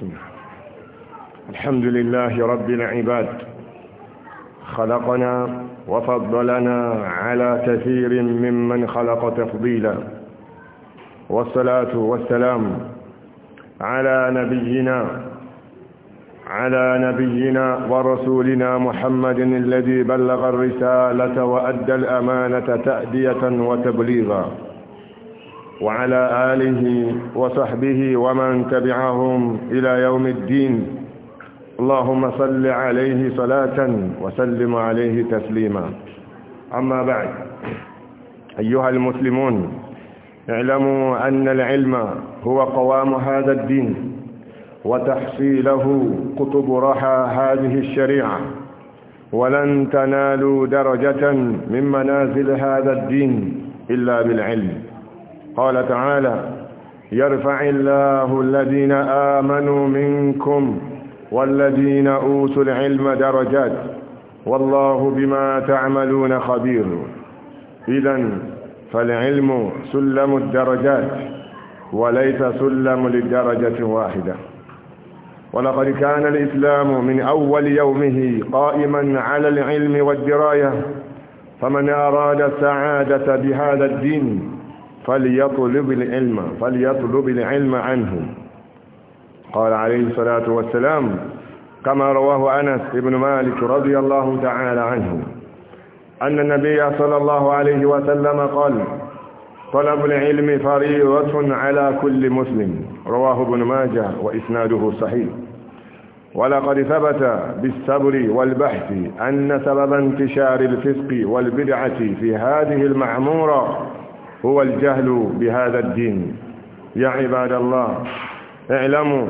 بسم الله الحمد لله رب العباد خلقنا وفضلنا على كثير ممن خلق تفضيلا والصلاة والسلام على نبينا على نبينا ورسولنا محمد الذي بلغ الرسالة وأدى الأمانة تأدية وتبليغا وعلى آله وصحبه ومن تبعهم إلى يوم الدين اللهم صل عليه صلاة وسلم عليه تسليما أما بعد أيها المسلمون اعلموا أن العلم هو قوام هذا الدين وتحصيله قطب رحى هذه الشريعة ولن تنالوا درجة من منازل هذا الدين إلا بالعلم قال تعالى يرفع الله الذين آمنوا منكم والذين أوتوا العلم درجات والله بما تعملون خبير إذا فالعلم سلم الدرجات وليس سلم للدرجة واحدة ولقد كان الإسلام من أول يومه قائما على العلم والدراية فمن أراد السعادة بهذا الدين فليطلب العلم فليطلب العلم عنه قال عليه الصلاة والسلام كما رواه أنس بن مالك رضي الله تعالى عنه أن النبي صلى الله عليه وسلم قال طلب العلم فريضة على كل مسلم رواه ابن ماجه وإسناده صحيح ولقد ثبت بالصبر والبحث أن سبب انتشار الفسق والبدعة في هذه المعمورة هو الجهل بهذا الدين يا عباد الله اعلموا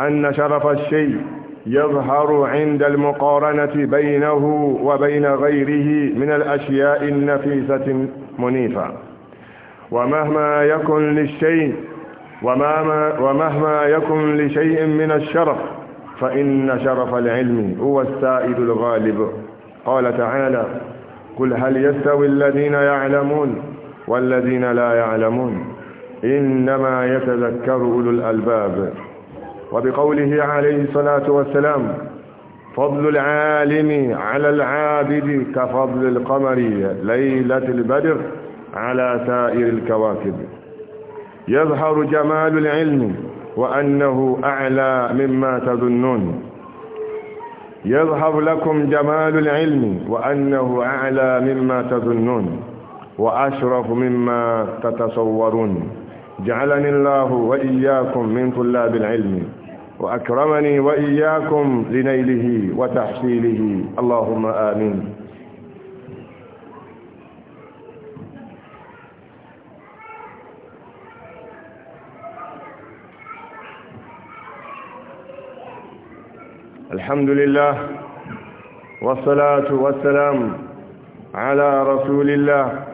أن شرف الشيء يظهر عند المقارنة بينه وبين غيره من الأشياء النفيسة منيفة ومهما يكن للشيء ومهما يكن لشيء من الشرف فإن شرف العلم هو السائد الغالب قال تعالى قل هل يستوي الذين يعلمون والذين لا يعلمون إنما يتذكر أولو الألباب وبقوله عليه الصلاة والسلام فضل العالم على العابد كفضل القمر ليلة البدر على سائر الكواكب يظهر جمال العلم وأنه أعلى مما تظنون يظهر لكم جمال العلم وأنه أعلى مما تظنون وأشرف مما تتصورون جعلني الله وإياكم من طلاب العلم وأكرمني وإياكم لنيله وتحصيله اللهم آمين الحمد لله والصلاة والسلام على رسول الله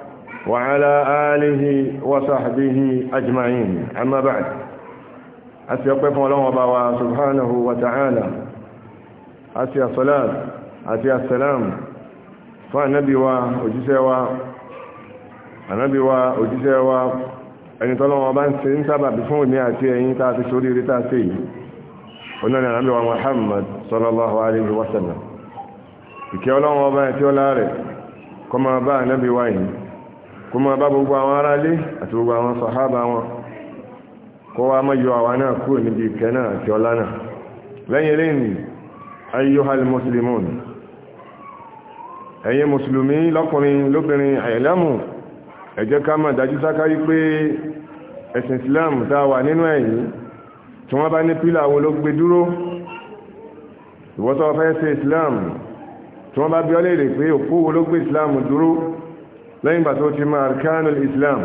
وعلى آله وصحبه أجمعين أما بعد أسيقف الله وبوا سبحانه وتعالى أسي الصلاة أسي السلام فالنبي وجسوا النبي وجسوا ẹni tọ́lọ́wọ́ bá ń ṣe ń sábà bí fún ìmí àti ẹ̀yìn tàà ti sórí rí tàà sí yìí onáni ànábì wa Muhammad sallallahu alaihi wasallam ìkẹ́ ọlọ́wọ́ bá ẹ̀ tí ó láàrẹ̀ kọmọ bá ànábì wáyìí kó máa bá gbogbo àwọn aráalé àti gbogbo àwọn sàhábà wọn kó wá má yọ àwa náà kúrò níbi ìkẹ́ náà àti ọlá náà lẹ́yìn eléyìí ayyuhal muslimun ẹ̀yin mùsùlùmí lọ́kùnrin lóbìnrin àyẹ̀lámù ẹ jẹ́ ká máa dájú sáká wípé ẹ̀sìn islam tá a wà nínú ẹ̀yìn tí wọ́n bá ní pílà àwọn ló dúró ìwọ́tọ̀ fẹ́ ṣe islam tí wọ́n bá bí ọlẹ́rẹ̀ pé òkú wo islam dúró lẹ́yìn bá tó ti mọ̀ arkanul islam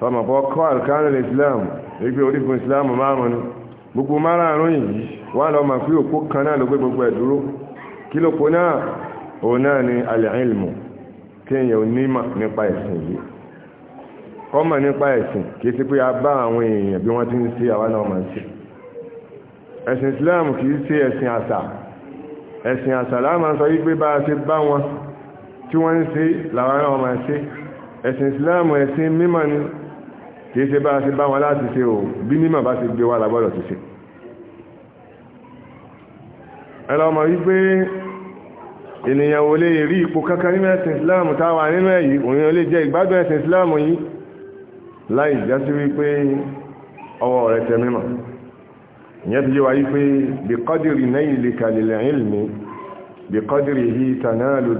fọmọ̀pọ̀ kọ́ arkanul islam wípé orígun islam márùn ní gbogbo márùn yìí wà lọ ma fi òpó kan náà ló gbé gbogbo ẹ̀ dúró kí ló po náà òun náà ni al-ilmu kéèyàn onímọ̀ nípa ẹ̀sìn yìí kọ́mọ̀ nípa ẹ̀sìn kìí sí pé a bá àwọn èèyàn bí wọ́n ti ń ṣe àwa náà máa ṣe ẹ̀sìn islam kìí ṣe ẹ̀sìn àṣà ẹ̀sìn àṣà láàmà sọ wípé bá a ṣe bá wọn tí wọ́n ń ṣe làwọn náà máa ṣe ẹ̀sìn Islam ẹ̀sìn mímọ̀ ni kìí ṣe bá ṣe bá wọn láti ṣe o bí mímọ̀ bá ṣe gbé wà lágbọ́dọ̀ ti ṣe ẹlọ́mọ̀ wípé ènìyàn ò lè rí ipò kankan nínú ẹ̀sìn Islam táwà nínú èyí òyìn olè jẹ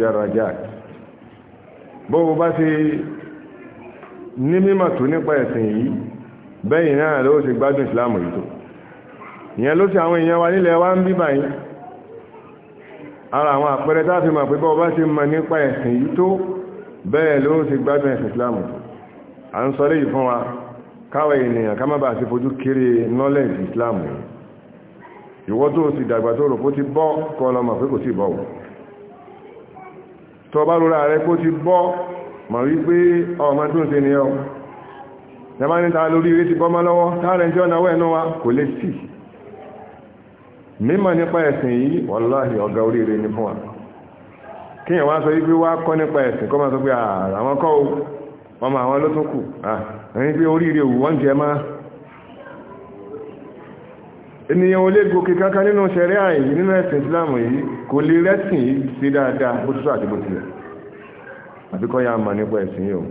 darajat bó bá ṣe ní mímọ̀ tó nípa ẹ̀sìn yìí bẹ́yìn náà ló ṣe gbádùn ìsìláàmù yìí tó ìyẹn ló ṣe àwọn èèyàn wa nílẹ̀ wa ń bíbà yìí ara àwọn àpẹẹrẹ táàfi mọ̀ pé bó bá ṣe mọ̀ nípa ẹ̀sìn yìí tó bẹ́ẹ̀ ló ṣe gbádùn ẹ̀sìn ìsìláàmù tó à ń sọlé yìí fún wa knowledge ìsìláàmù yìí ìwọ tó sì dàgbà tó rò kó ti bọ́ kọ́ lọ́mọ̀ pé kò tó bá rúra rẹ kó ti bọ́ mọ̀ wípé ọmọ tó ń ṣe ni ọ lẹ́bá níta lórí rí ti bọ́mọ́ lọ́wọ́ táàrẹ tí ọ̀nà wẹ́ẹ̀nú wa kò lè sí mímọ̀ nípa ẹ̀sìn yìí wàláhì ọ̀gá oríire ní fún wa kí èèyàn wá sọ wípé wá kọ́ nípa ẹ̀sìn kọ́ máa sọ pé àwọn kọ́ o ọmọ àwọn ló tún kù ẹni pé oríire òwú wọ́n jẹ máa ènìyàn olè gòkè kankan nínú ṣẹ̀rẹ́ àyí nínú ẹ̀sìn islamu yìí kò lè rẹ́sìn yìí sí dáadáa bó tó àti bó tilẹ̀ àbíkọ́ ya mọ̀ nípa ẹ̀sìn yìí o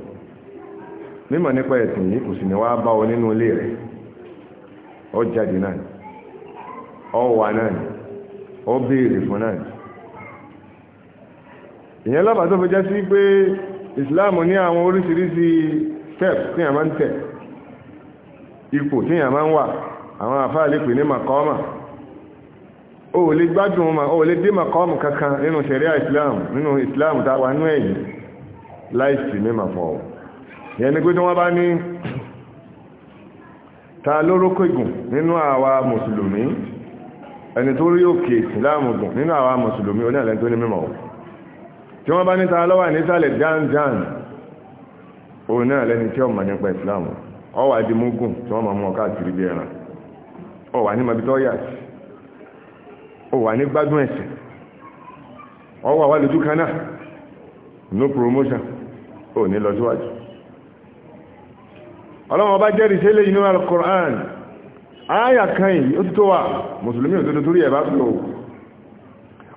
mímọ̀ nípa ẹ̀sìn yìí kò sì ní wá bá ọ nínú ilé rẹ̀ ọ jáde náà ọ wà náà ọ béèrè fún náà ìyẹn lọ́bàá tó fi jẹ́ sí pé islam ní àwọn oríṣiríṣi step tí a máa ń tẹ̀ ipò tí máa ń wà àwọn àfáà pè ní makọ́mà o lè gbádùn ma o lè dé makọ́mù kankan nínú sẹ̀ríà islam nínú islam ẹ̀yìn láìsí fọ́ tí wọ́n bá ní ta lórókègùn nínú àwa mùsùlùmí ẹni tó rí òkè ìsìláàmù nínú àwa mùsùlùmí onílẹ̀ tó ní mímọ̀ tí wọ́n bá ní ta lọ́wà nísàlẹ̀ jánján òun náà lẹ́ni tí ọmọ nípa ìsìláàmù ọwà di tí wọ́n mọ̀ mọ́ káàkiri bí ẹran ó wà ní mabitọ́ yà sí ó wà ní gbádùn ẹ̀sìn ó wà wà lójú kanáà no promotion ó ní lọ síwájú ọlọ́wọ́n bá jẹ́rìí sí ilé inú al-Qur'an áyà kan yìí ó ti tó wà mùsùlùmí òtútù torí ẹ̀ bá fi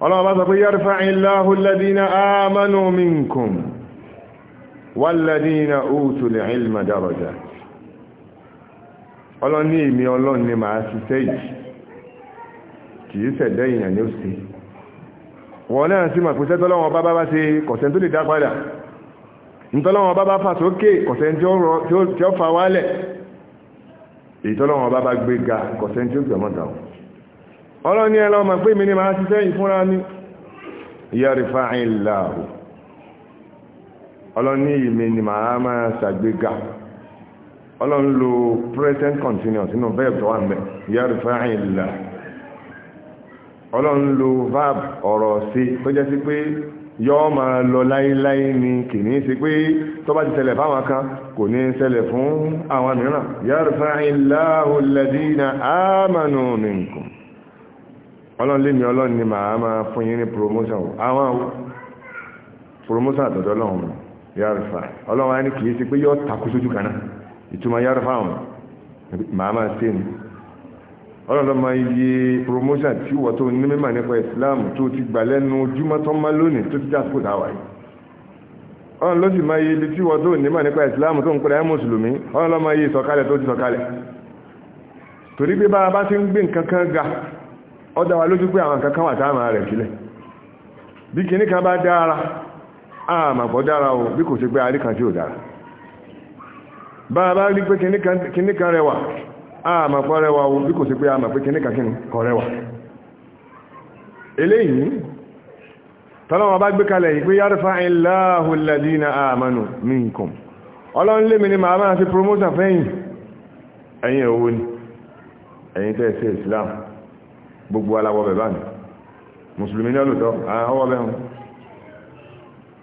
bá sọ pé yarfa'illahu alladhina ọlọ́ni èmi ọlọ́run ni màá ṣiṣẹ́ yìí kì í ṣẹ̀dá èèyàn ní òsì wọ́n náà sí mà pèsẹ́ tọ́lọ́wọ́n bá bá ṣe kọ̀sẹ̀ tó lè dá padà nítọ́lọ́wọ́n bá bá fà sókè kọ̀sẹ̀ tí ó fa wálẹ̀ ìtọ́lọ́wọ́n bá bá gbé ga kọ̀sẹ̀ tí ó gbẹ̀mọ́ta ọlọ́ni ẹlọ́mà pé mi ni màá ṣiṣẹ́ yìí fúnra ní yàrífà ìlàrù ọlọ́ni ìmì ni màá máa ṣàgbéga ọlọ́run lo present continuous inú verb tó wà ń bẹ̀ yarfa'illah ọlọ́run lo verb ọ̀rọ̀ sí tó jẹ́ sí pé yọ́ máa lọ láíláí ni kì ní sí pé tó bá ti ṣẹlẹ̀ fáwọn kan kò ní ṣẹlẹ̀ fún àwọn mìíràn yarfa'illahu alladhina amanu minkum ọlọ́run lé mi ọlọ́run ni màá máa fún yín ní promotion àwọn promotion àtọ̀dọ̀ ọlọ́run yarfa ọlọ́run á ní kì sí pé yọ́ takú sójú kan ìtumọ̀ yára fáwọn màá máa ṣe maa ọlọ́lọ́mọ iye promotion tí wọ́n tó ní mímọ̀ nípa Islam tó ti gbà lẹ́nu ojúmọ́ tó má lónìí tó ti dàpọ̀ dáwà yìí ọlọ́lọ́sì máa iye ibi tí wọ́n tó ní mímọ̀ nípa Islam tó ń pèrè ẹ́ mùsùlùmí ọlọ́lọ́mọ iye tó ti sọ̀kalẹ̀ torí pé bá a bá ti ń gbé nǹkan kan ga ọ dá wa lójú pé àwọn nǹkan kan wà rẹ̀ sílẹ̀ bí kan bá dára dára o bí kò sí pé arí kan tí ò dára bá bá rí pé kìní kan rẹwà a máa pọ́ rẹwà o bí kò sí pé a máa pé kìní kan kìní kọ rẹwà eléyìí tọ́lọ́wọ́ bá gbé kalẹ̀ yìí pé yárfà Allahu alladhina amanu minkum ọlọ́run lè mi ni màá máa fi promotion fẹ́yìn ẹ̀yin owó ni ẹ̀yin tẹ́ Islam gbogbo aláwọ̀ bẹ̀ báyìí mùsùlùmí ní ọlùtọ́ àwọn ọwọ́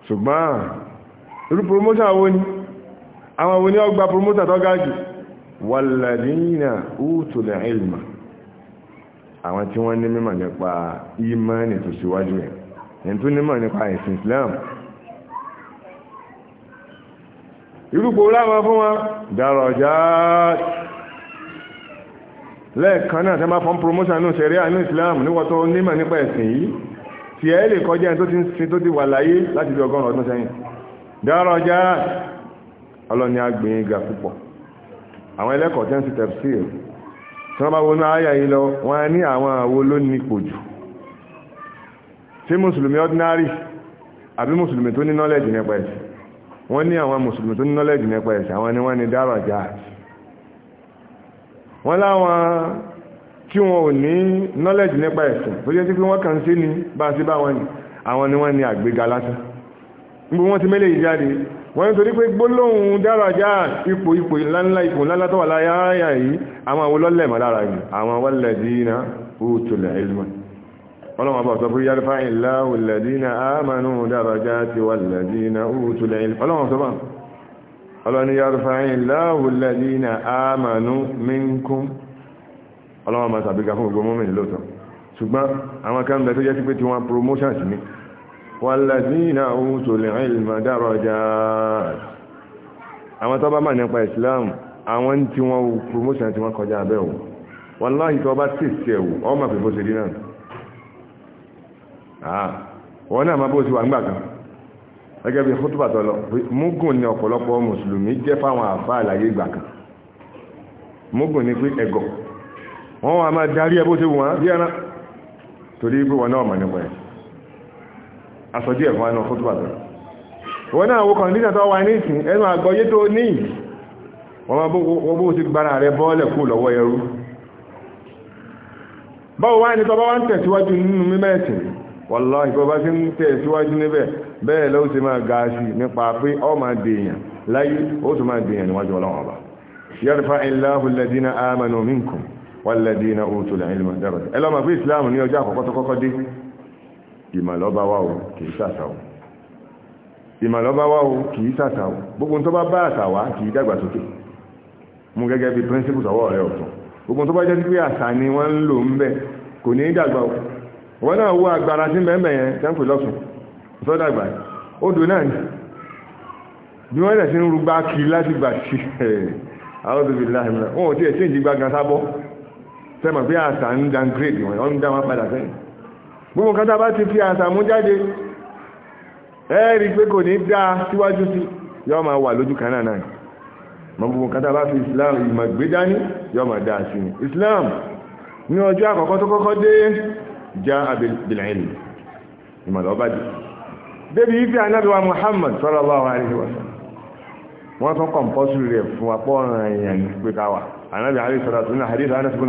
ṣùgbọ́n irú promotion owó ni àwọn wo ni ó gba promoter tó ga jù wàlàdínà útùlẹ̀ ilmà àwọn tí wọ́n ní mímọ̀ nípa ìmánì tó síwájú ẹ̀ ẹni tó nímọ̀ nípa ẹ̀sìn Islam irúgbò láwọn fún wọn dàrọ̀já lẹ́ẹ̀kan náà tẹ́ bá fún promotion ní òṣèré àní Islam níwọ̀n tó nímọ̀ nípa ẹ̀sìn yìí tí ẹ lè kọjá ẹni tó ti wà láyé láti bí ọgọ́rùn ọdún sẹ́yìn dàrọ̀já ọlọ́ni agbìyàn ga púpọ̀ àwọn ẹlẹ́kọ̀ọ́ tẹ́ǹsì tẹ̀psìl tí wọ́n bá wọnú ayà yìí lọ wọ́n ní àwọn àwo ló ní jù tí mùsùlùmí ordinary àbí mùsùlùmí tó ní knowledge nípa ẹ̀sìn wọ́n ní àwọn mùsùlùmí tó ní knowledge nípa ẹ̀sìn àwọn ni wọ́n ní dáràjà wọ́n láwọn tí wọn ò ní knowledge nípa ẹ̀sìn tó jẹ́ sí pé wọ́n kàn sí ni bá sí bá wọn ni àwọn ni wọ́n ní àgbéga lásán gbogbo wọn ti mẹ́lẹ̀ yìí jáde wọ́n ń torí pé gbólóhùn dáràjá ipò ipò ńláńlá ipò ńláńlá tó wà láyé ayà yìí àwọn àwọn olólẹ̀mọ̀ lára yìí àwọn walladina utul ilma ọlọ́wọ́n bá sọ fún yarfa illahu alladina amanu darajati walladina utul ilma ọlọ́wọ́n sọ bá والذين أوتوا العلم درجات àwọn tó bá mọ̀ nípa Islam àwọn tí wọ́n promotion tí wọ́n kọjá abẹ́ o wallahi tó bá tèsì ẹ̀wò ọ ma fi bó ṣe rí náà wọ́n náà ma bó ṣe wà ń gbà kan gẹ́gẹ́ bí khutbah tọ́lọ múgùn ni ọ̀pọ̀lọpọ̀ mùsùlùmí jẹ́ fáwọn àfá àlàyé ìgbà kan asọ́jú ẹ̀fún ẹnu fún tùbàdàn wọ́n náà wọ́n kọ̀ndíṣà tó wà ní ìsìn ẹnu àgbọ́yé tó ní wọ́n máa bó ti gbára rẹ bọ́ọ̀lẹ̀ kú lọ́wọ́ ẹrú báwo wá ní tọ́ bá wá ń tẹ̀síwájú nínú mímẹ́sìn wọ́lọ́ ìfọba sí ń tẹ̀síwájú níbẹ̀ bẹ́ẹ̀ ló ti máa ga sí nípa pé ọ máa dèèyàn láyé ó sì máa dèèyàn níwájú ọlọ́wọ́n ọba yarfa illahu ìmọ̀lọ́bá wà ó kìí sàtàwò ìmọ̀lọ́bá wà ó kìí sàtàwò gbogbo tó bá bá àtàwà kìí dàgbàsókè mú gẹ́gẹ́ bí píríncípù sọ́wọ́ rẹ̀ ọ̀tún gbogbo tó bá jẹ́ pé àṣà ni wọ́n ń lò ń bẹ kò ní dàgbà ó wọ́n náà wó agbára sí mẹ́mẹ́ yẹn tẹ́ǹpì lọ́sùn sọ́dàgbà odò náà ni bí wọ́n lẹ̀ sí ń rúgbá kiri láti gbà sí àwọn òbí láì mìíràn wọn ò tí ẹ̀ gbogbo kan tá bá ti fi àṣàmú jáde ẹ́ẹ̀rí pé kò ní dáa síwájú sí yọ́ máa wà lójú kan náà mọ gbogbo kan tá bá fi Islam ìmọ̀ gbé dání yọ́ máa dáa sí ni Islam ní ọjọ́ àkọ́kọ́ tó kọ́kọ́ dé já abilẹ̀ẹ́lì ìmọ̀lọ́bàdì débi ife anábíwa Muhammad sallallahu alaihi wasallam wọ́n tún kọ̀m̀pọ́sù rẹ̀ fún apọ́ ọ̀ràn èèyàn ní pé káwà anábí àríṣọ́lá tó ní àríṣọ́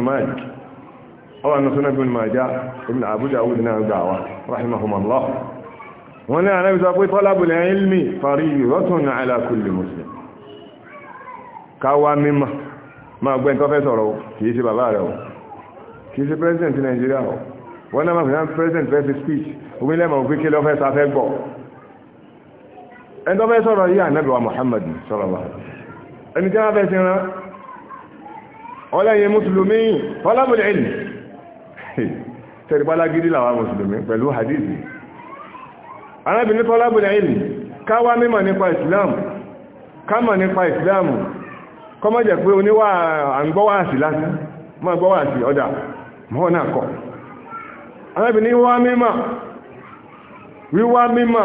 ọwọ́ ní sunan bin majah ibn abu dawud náà gbà wá rahimahumallah wọ́n ní ànábì sọ pé talabul ilmi fariidatun ala kulli muslim káwá mímọ̀ máa gbẹ́ nǹkan fẹ́ sọ̀rọ̀ kìí ṣe bàbá rẹ̀ o kìí ṣe president Nigeria o wọ́n náà máa fi hàn president fẹ́ fi speech ogun ilẹ̀ mọ̀ pé kí lọ́fẹ́ sáfẹ́ gbọ́ ẹni tó fẹ́ sọ̀rọ̀ yìí ànábì wa ẹni tí wọ́n fẹ́ sí ran ọlẹ́yin mùsùlùmí talabul tẹ̀rìpálágídí làwọn mùsùlùmí pẹ̀lú hadith arábìnrin tọ́lábìnrin ilmi káwá mímọ̀ nípa islam kámọ̀ nípa islam kọmọ́ jẹ́ pé oníwà àgbọ́wàásì lásì mọ́ gbọ́wàásì ọjà mọ́ náà kọ́ arábìnrin wá mímọ̀ wíwá mímọ̀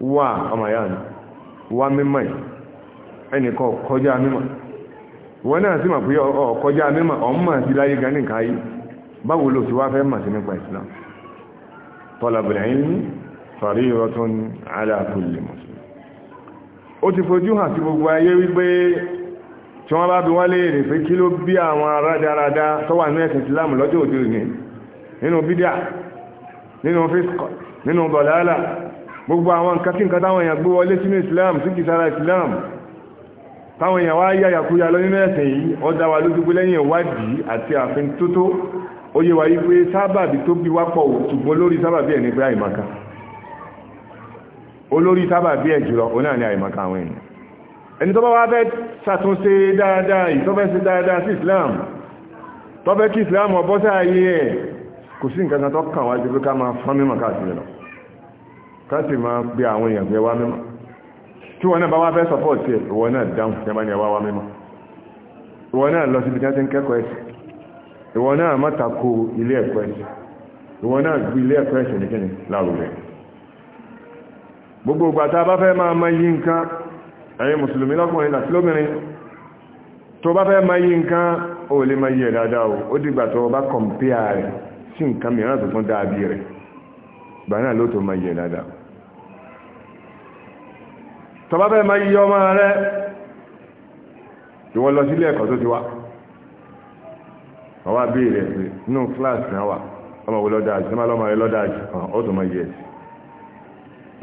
wà ọmọ yáà ni wà mímọ̀ ẹnìkan kọjá mímọ̀ wọ́n náà sí mà pé ọkọjá mímọ̀ ọmọ sí láyé gan nìkan ayé báwo ló ti wá fẹ́ mà sí nípa Islam talabul ilmi fariidatun ala kulli muslim ó ti fojú hàn sí gbogbo ayé wípé tí wọ́n bá bí wọ́n lè rè pé kí ló bí àwọn arádáradá tó wà ní ẹ̀sìn Islam lọ́jọ́ òde òní nínú bídà nínú fíṣkọ̀ nínú bọ̀lálà gbogbo àwọn nǹkan tí nǹkan táwọn èèyàn gbé wọlé sínú islam sí kìsára islam táwọn èèyàn wá yáyà kú ya lọ nínú ẹ̀sìn yìí ó dá wa lójú pé lẹ́yìn ìwádìí àti àfin tótó ó yé wa yí pé sábàbí tó bí wápọ̀ ṣùgbọ́n lórí sábàbí ẹ̀ ní pé àìmọ̀ká olórí sábàbí ẹ̀ jùlọ ó ní àìmọ̀ká àwọn èèyàn islam tọ́fẹ́ islam ọbọ́sáyé ẹ̀ kò sí nǹkan kan tó kàn wá ju ká sì máa gbé àwọn èèyàn fẹ́ wá mímọ́ tí wọ́n náà bá wá fẹ́ sọpọ́ọ̀tì ẹ̀ wọ́n náà dáhùn tí wọ́n náà wá mímọ́ ìwọ náà lọ síbi tí wọ́n ti ń kẹ́kọ̀ọ́ ẹ̀sìn ìwọ náà má tako ilé ẹ̀kọ́ ẹ̀sìn ìwọ náà gbé ilé ẹ̀kọ́ ẹ̀sìn ní kíni lárugẹ gbogbo ìgbà tá a bá fẹ́ máa ma yí nǹkan ẹ̀yin mùsùlùmí lọ́kùnrin àti lóbìnrin tó bá fẹ́ ma yí nǹkan ó lè ma yí ẹ̀ dáadáa ó dìgbà tó bá kọ̀m̀pìà rẹ̀ sí nǹkan mìíràn tó tún dáa rẹ̀ gbà náà ló tó ma yí ẹ̀ dáadáa tọba bẹ́ẹ̀ máa yíyọ ọmọ rẹ ìwọ lọ sílé ẹ̀kọ́ tó ti wá ọwá bí rẹ̀ pé inú kíláàsì náà wà ọmọ wo lọ́dà àjù tọ́mọ́ lọ́mọ rẹ lọ́dà àjù hàn ó tó mọ iye ẹ̀sì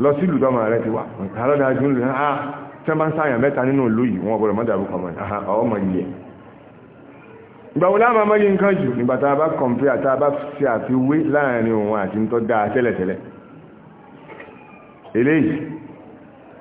lọ sílùú tọ́mọ rẹ ti wà nǹkan lọ́dà àjù ńlù náà ah, tí wọ́n bá ń sáyàn mẹ́ta nínú ìlú yìí wọ́n gbọ́dọ̀ mọ́dà àbúkọ ọmọ iye ìgbà wo láàmà mọ́ yí nǹkan jù nígbà tá a bá kọ̀m̀pé àti a bá fi àfiwé láàrin òun àti ń tọ́ dáa tẹ́lẹ̀tẹ́lẹ̀ eléyìí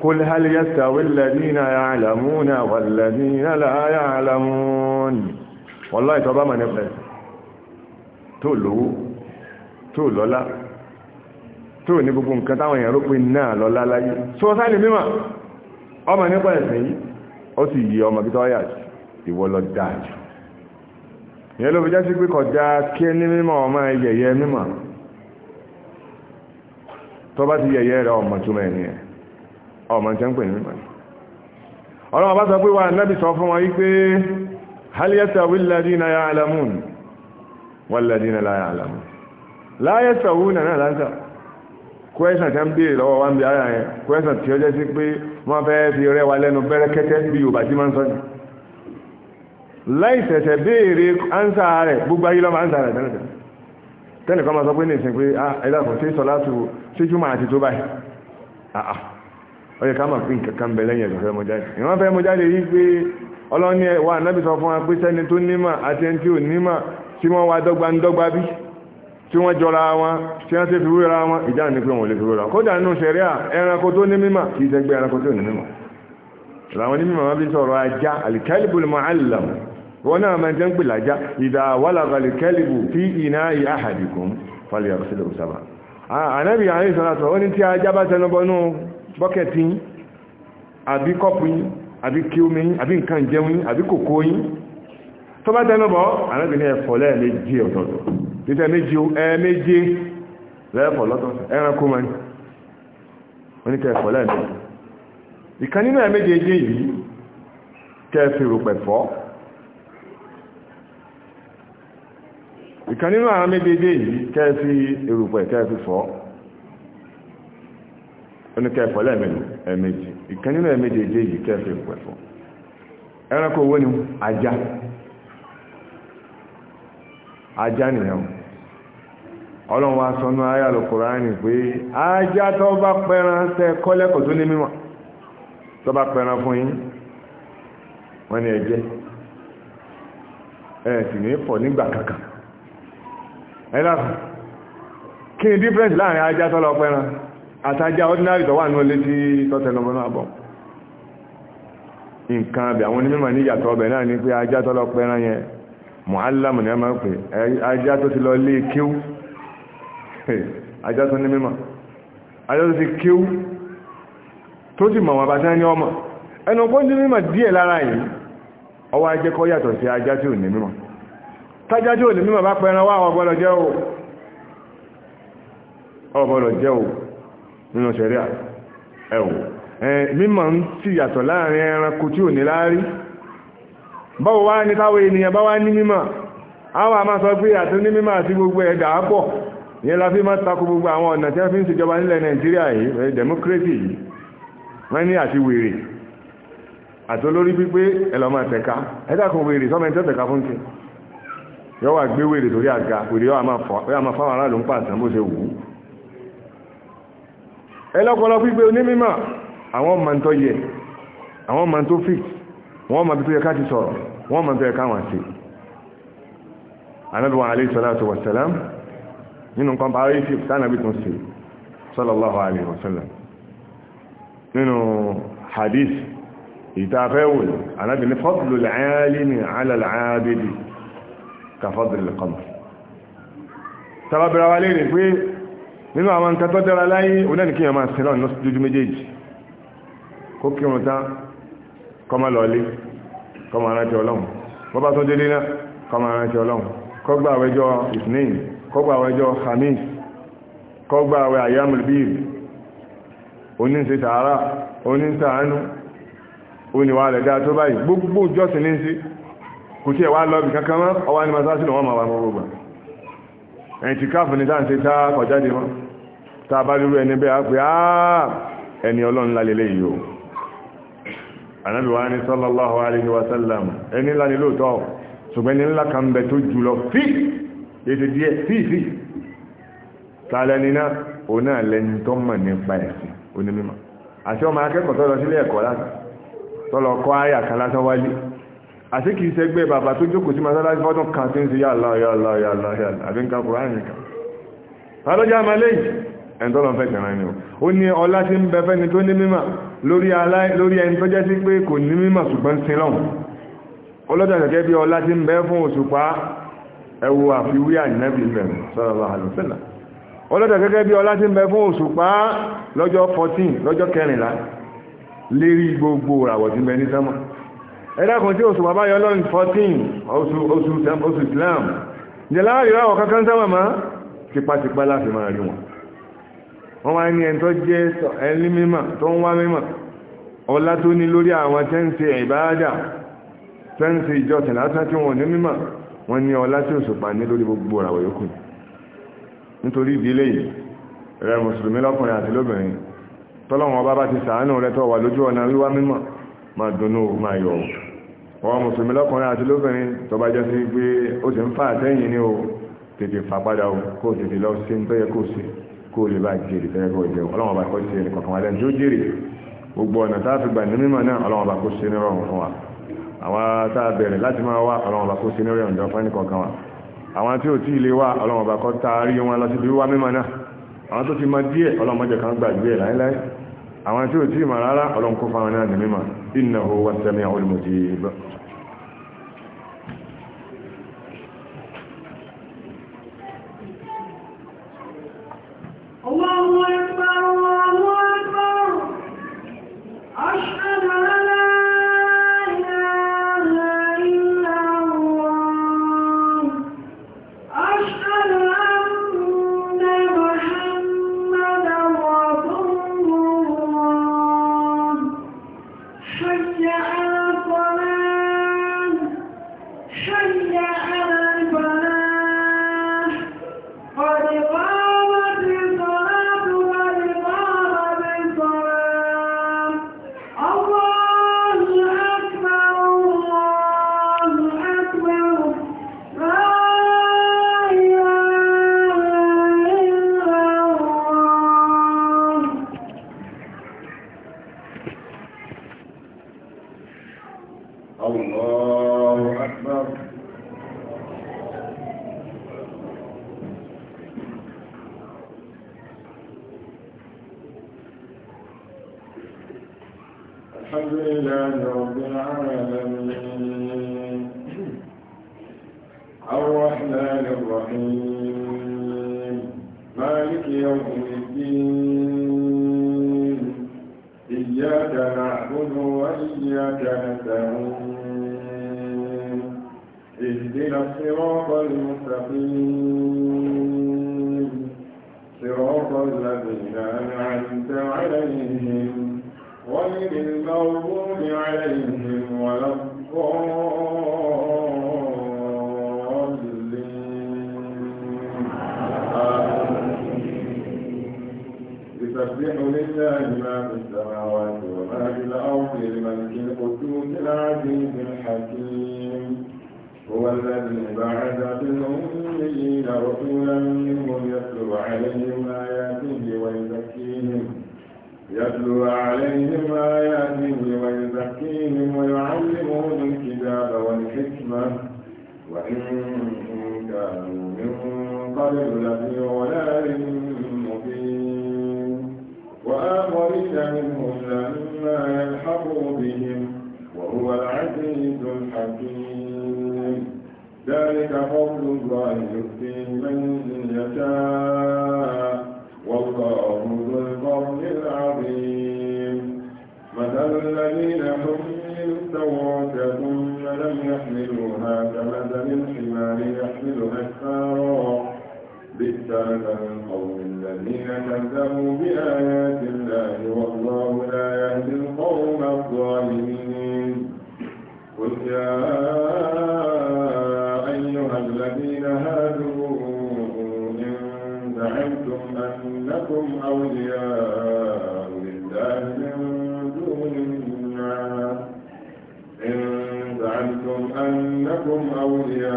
قل هل يستوي الذين يعلمون والذين لا يعلمون والله tó bá mọ̀ nípa ẹ̀ tó lówó tó ní gbogbo nǹkan táwọn èèyàn rópin náà lọ́lá láyé tó ní mímọ̀ ọmọ nípa ẹ̀sìn yìí ó sì yí ọmọ ìwọ lọ dáàjù ìyẹn ló fi pé kọjá kí ní mímọ̀ ọmọ mímọ̀ tó bá ti ọmọ túmọ̀ ẹ̀ ọmọ tẹ́ ń pè ní mímọ̀ ọlọ́wọ́ bá sọ pé wà nábì sọ fún wọn wípé haliyasawi ladina ya alamun waladina la ya alamun láyẹsàwú nà náà láńsà kwẹ́sàn tẹ́ ń bèèrè lọ́wọ́ wá ń bí ara yẹn kwẹ́sàn tí ó jẹ́ sí pé wọ́n fẹ́ fi rẹwà lẹ́nu bẹ́rẹ́kẹ́tẹ́ bí Yorùbá tí máa ń sọ ní láìsẹ̀sẹ̀ béèrè ánsà rẹ̀ gbogbo ayé lọ́mọ ánsà rẹ̀ tẹ́lẹ̀ tẹ́lẹ̀ kan máa sọ pé ní ìsìn pé ah, ẹ̀dàkùn sí sọ láti ṣíjú máa ti tó báyìí ah, ah ó yẹ ká mọ̀ pé nǹkan kan bẹ lẹ́yìn ẹ̀sùn fẹ́ mọ jáde ìwọ́n fẹ́ mọ jáde yí pé ọlọ́ni wa ànábì sọ fún wa pé sẹ́ni tó nímọ̀ àti ẹni tí ò nímọ̀ tí wọ́n wá dọ́gba ń dọ́gba bí tí wọ́n jọra wọn tí wọ́n ṣe fi wéra wọn ìjà ní pé wọn lè fi wéra wọn kódà nínú ṣẹ̀ríà ẹranko tó ní mímọ̀ kì í ṣẹgbẹ́ ẹranko tó ní mímọ̀ làwọn onímọ̀ wọn bí sọ̀rọ̀ ajá alikẹ́lìbù lè mọ àlìlàmù wọn náà máa jẹ́ ń pè lájá ìdá wàlàbà alikẹ́lìbù fi iná ìyá àhàdìkún falẹ̀ àbúṣẹ́lẹ̀ òṣàbà ànábì àárín sọ̀rọ̀ sọ̀rọ̀ ó ní tí ajá bá tẹnubọ́nú bọ́kẹ̀tì yín àbí kọ́pù yín àbí kí omi yín àbí nǹkan jẹun yín àbí kòkó yín tó bá tẹnubọ̀ àrẹ́bìnrin ẹ̀fọ́ lẹ́ẹ̀mejì ọ̀tọ̀ọ̀tọ̀ títẹ̀ méjì ẹ̀ẹ̀mejì lẹ́ẹ̀fọ́ lọ́tọ̀ ẹranko mọ́ ni wọ́n ní kẹfọ́ lẹ́ẹ̀mejì ìkan nínú ẹ̀ẹ̀mejì yìí kẹfì rùpẹ̀fọ́ ìkan nínú àwọn méjèèjì yìí kẹfì èrùpẹ̀ kẹfì fọ́ onu lẹ́ẹ̀mẹ́lú ẹ̀mẹ́jì ẹ̀mẹ́jì èjì èjì kẹfẹ́ pẹ̀fọ́ ẹranko owó ni ajá ajá nìyàn ọlọ́run wa sọ ní ayà pé ajá tó bá pẹran tẹ kọ́lẹ́kọ̀ọ́ tó ní mímọ̀ tó bá pẹran fún yín wọ́n ní ẹjẹ́ ẹ̀ sì ní pọ̀ nígbà kankan ẹ̀ kí ni difference àtàjá ordinary tó wà ní olé tí tọ́tẹ̀lọ́bọ̀nà àbọ̀ nǹkan àbẹ̀ àwọn onímọ̀ ní ìyàtọ̀ ọbẹ̀ náà ní pé ajá tọ́lọ pẹ́ran yẹn mọ̀hálàmù ní ẹmà pé ajá tó ti lọ lé kíw ajá tó ní mímọ̀ ajá tó ti kíw tó ti mọ̀ wọn bàtá ní ọmọ ẹnu pọ́ ní mímọ̀ díẹ̀ lára yìí ọwọ́ ajẹ́ kọ́ yàtọ̀ sí ajá tí ò ní mímọ̀ tájá tí ò ní mímọ̀ bá pẹ́ran wá ọgbọ́dọ̀ jẹ́ o ọgbọ́dọ̀ jẹ́ o nínú ṣẹ̀ríà ẹ̀wò mímọ̀ ń sì yàtọ̀ láàrin ẹranko tí ò ní láárí báwo wá ní táwọn ènìyàn bá wá ní mímọ̀ àwọn àmà sọ pé àti ní mímọ̀ àti gbogbo ẹ̀dà pọ̀ ìyẹn la fi máa tako gbogbo àwọn ọ̀nà tí wọ́n fi ń ṣèjọba nílẹ̀ Nàìjíríà yìí democracy yìí wọ́n ní àti wèrè àti olórí pípé ẹlọ́mọ àtẹ̀ká ẹ̀dàkùn wèrè sọ́mọ ẹ̀tẹ́ tẹ̀ká fún ti yọ́wà gbé wèrè torí àga wèrè yọ́ àmà fáwọn aráàlú ń pàtàkì bó ṣe wù ú ẹlọ́pọ̀lọ́ pípé onímímọ̀ àwọn ma ń tọ́ yẹ àwọn ma ń tó fit wọ́n ma bí tó yẹ ká ti sọ̀rọ̀ wọ́n ma ń tó yẹ káwọn sí anábíwá alayhi salatu wa salam nínú comparative tánàbí tún sí sallallahu alayhi wa nínú hadith ìtafẹ́wò anábí ní fadlu al-alimi ka fadlu al nínú àwọn nǹkan tó dára láyé onáni kí èèyàn máa sin lọ́nà lójú méjèèjì kó kírun tán kó máa lọlé kó máa rántí ọlọ́run bó bá tó délé náà kó máa rántí ọlọ́run kó gba àwẹjọ́ ìsìnìyàn kó gba àwẹjọ́ hamis kó gba àwẹ àyàmùlbíl oníṣẹ́ tààrà oníṣẹ́ àánú oníwà rẹ̀ dáa tó báyìí gbogbo ìjọsìn ní sí kò tí ẹ̀ wá lọ́bì kankan mọ́ ọwá ní masáṣí lọ́wọ́ máa wà mọ́ gbogbo ẹ̀ ti káàfù ní sáà ń ṣe tá kọjáde mọ́ tá a bá rírú ẹni bẹ́ẹ̀ á pé áà ẹni ọlọ́run lálẹ́lẹ́ yìí o anábìwá ní sallallahu alaihi wa sallam ẹni ńlá ni lóòótọ́ ṣùgbọ́n ẹni ńlá kan bẹ tó jùlọ fí ètò díẹ̀ fí fí tààlẹ́ni náà òun náà lẹ́ni tó mọ̀ nípa ẹ̀sìn onímọ̀ àti ọmọ akẹ́kọ̀ọ́ tọ́lọ sílé ẹ̀kọ́ lásán tọ́lọ kọ́ ayà kan kìí ṣẹgbẹ́ bàbá tó jókòó sí masáláṣí fọ́tún kan tí ń ṣe yà Allah yà Allah yà Allah àbí nǹkan kùránì nìkan. tàlọ́jà máa léyìí ẹ̀ntọ́lọ́n fẹ́ tẹ̀ràn ni ó ní ọlá tí ń bẹ fẹ́ni tó ní mímọ̀ lórí ẹni tó jẹ́ sí pé kò ní mímọ̀ ṣùgbọ́n sí lọ́hùn ọlọ́dà gẹ́gẹ́ bí ọlá tí ń bẹ fún òṣùpá ẹwọ àfiwí ànẹ́bì bẹ̀rẹ̀ sallallahu alaihi wasallam ọlọ́dà gẹ́gẹ́ bí ọlá tí ń bẹ fún òṣùpá lọ́jọ́ 14 lọ́jọ́ kẹrìnlá lérí gbogbo ràwọ̀ tí ń bẹ ní sánmà ẹ̀dàkùn tí láti máa rí wọn wọ́n wá ní ẹni tó jẹ́ ẹni mímọ̀ tó ń wá mímọ̀ ọlá tó ní lórí àwọn tẹ́ǹsì ìbáradà tẹ́ǹsì ìjọsìn lásán tí wọ́n ní mímọ̀ wọ́n ní ọlá tí òṣùpá ní lórí gbogbo ràwọ̀ yòókù nítorí ìdílé yìí rẹ mùsùlùmí lọ́kùnrin àti lóbìnrin tọ́lọ́wọ́n bá bá ti sàánù rẹ tó wà lójú ọ̀nà wíwá mímọ̀ máa dùnnú máa yọ̀ kó o lè bá jèrè tẹ́lẹ̀ kó o jẹun ọlọ́wọ́n bá kó ṣe ẹni kankan wá lẹ́nu tó jèrè gbogbo ọ̀nà tá a fi gbà ní mímọ̀ náà ọlọ́wọ́n bá kó ṣe ní rọrùn fún wa àwọn tá a bẹ̀rẹ̀ láti máa wá ọlọ́wọ́n bá kó ṣe ní rọrùn jọ fún ẹni kankan wa àwọn tí ò tí ì lè wá ọlọ́wọ́n bá kó taari wọn lọ síbi wá mímọ̀ náà àwọn tó ti mọ díẹ̀ ọlọ́wọ́n mọ́jọ huwa sami'ul mujib يسبح لله ما في السماوات وما في الأرض الملك القدوس العزيز الحكيم هو الذي بعث في الأميين رسولا منهم يتلو عليهم آياته ويزكيهم يتلو عليهم آياته ويزكيهم ويعلمهم الكتاب والحكمة وإن كانوا من قبل لفي منهم لما يلحق بهم وهو العزيز الحكيم ذلك فضل الله يؤتيه من يشاء والله ذو الفضل العظيم مثل الذين حملوا التوراة ثم لم يحملوها كمثل الحمار يحمل أكثارا بئس مثل القوم الذين كذبوا بآيات الله والله لا يهدي القوم الظالمين قل يا أيها الذين هادوا إن زعمتم أنكم أولياء لله من دون الناس إن زعمتم أنكم أولياء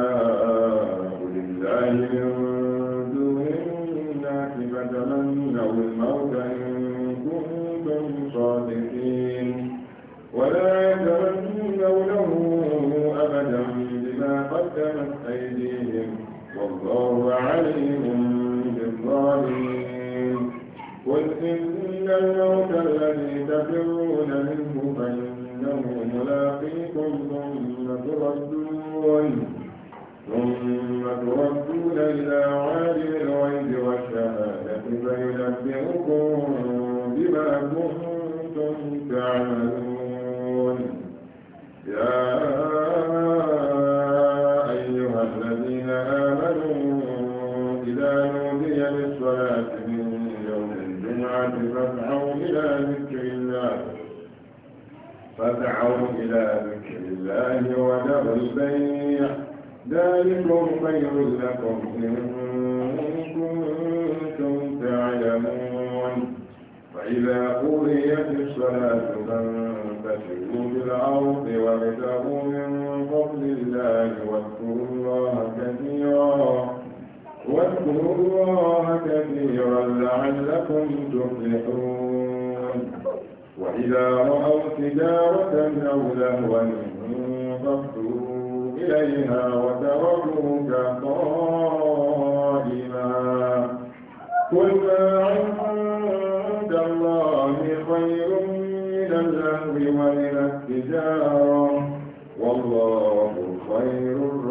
قدمت أيديهم والله عليهم بالظالمين قل إن الموت الذي تفرون منه فإنه ملاقيكم ثم تردون وابتغوا من فضل الله واذكروا الله كثيرا واذكروا الله كثيرا لعلكم تفلحون وإذا رأوا تجارة أو لهوا انفضوا إليها وتركوك قائما قل ما عند الله خير اللهو والتجارة والله خير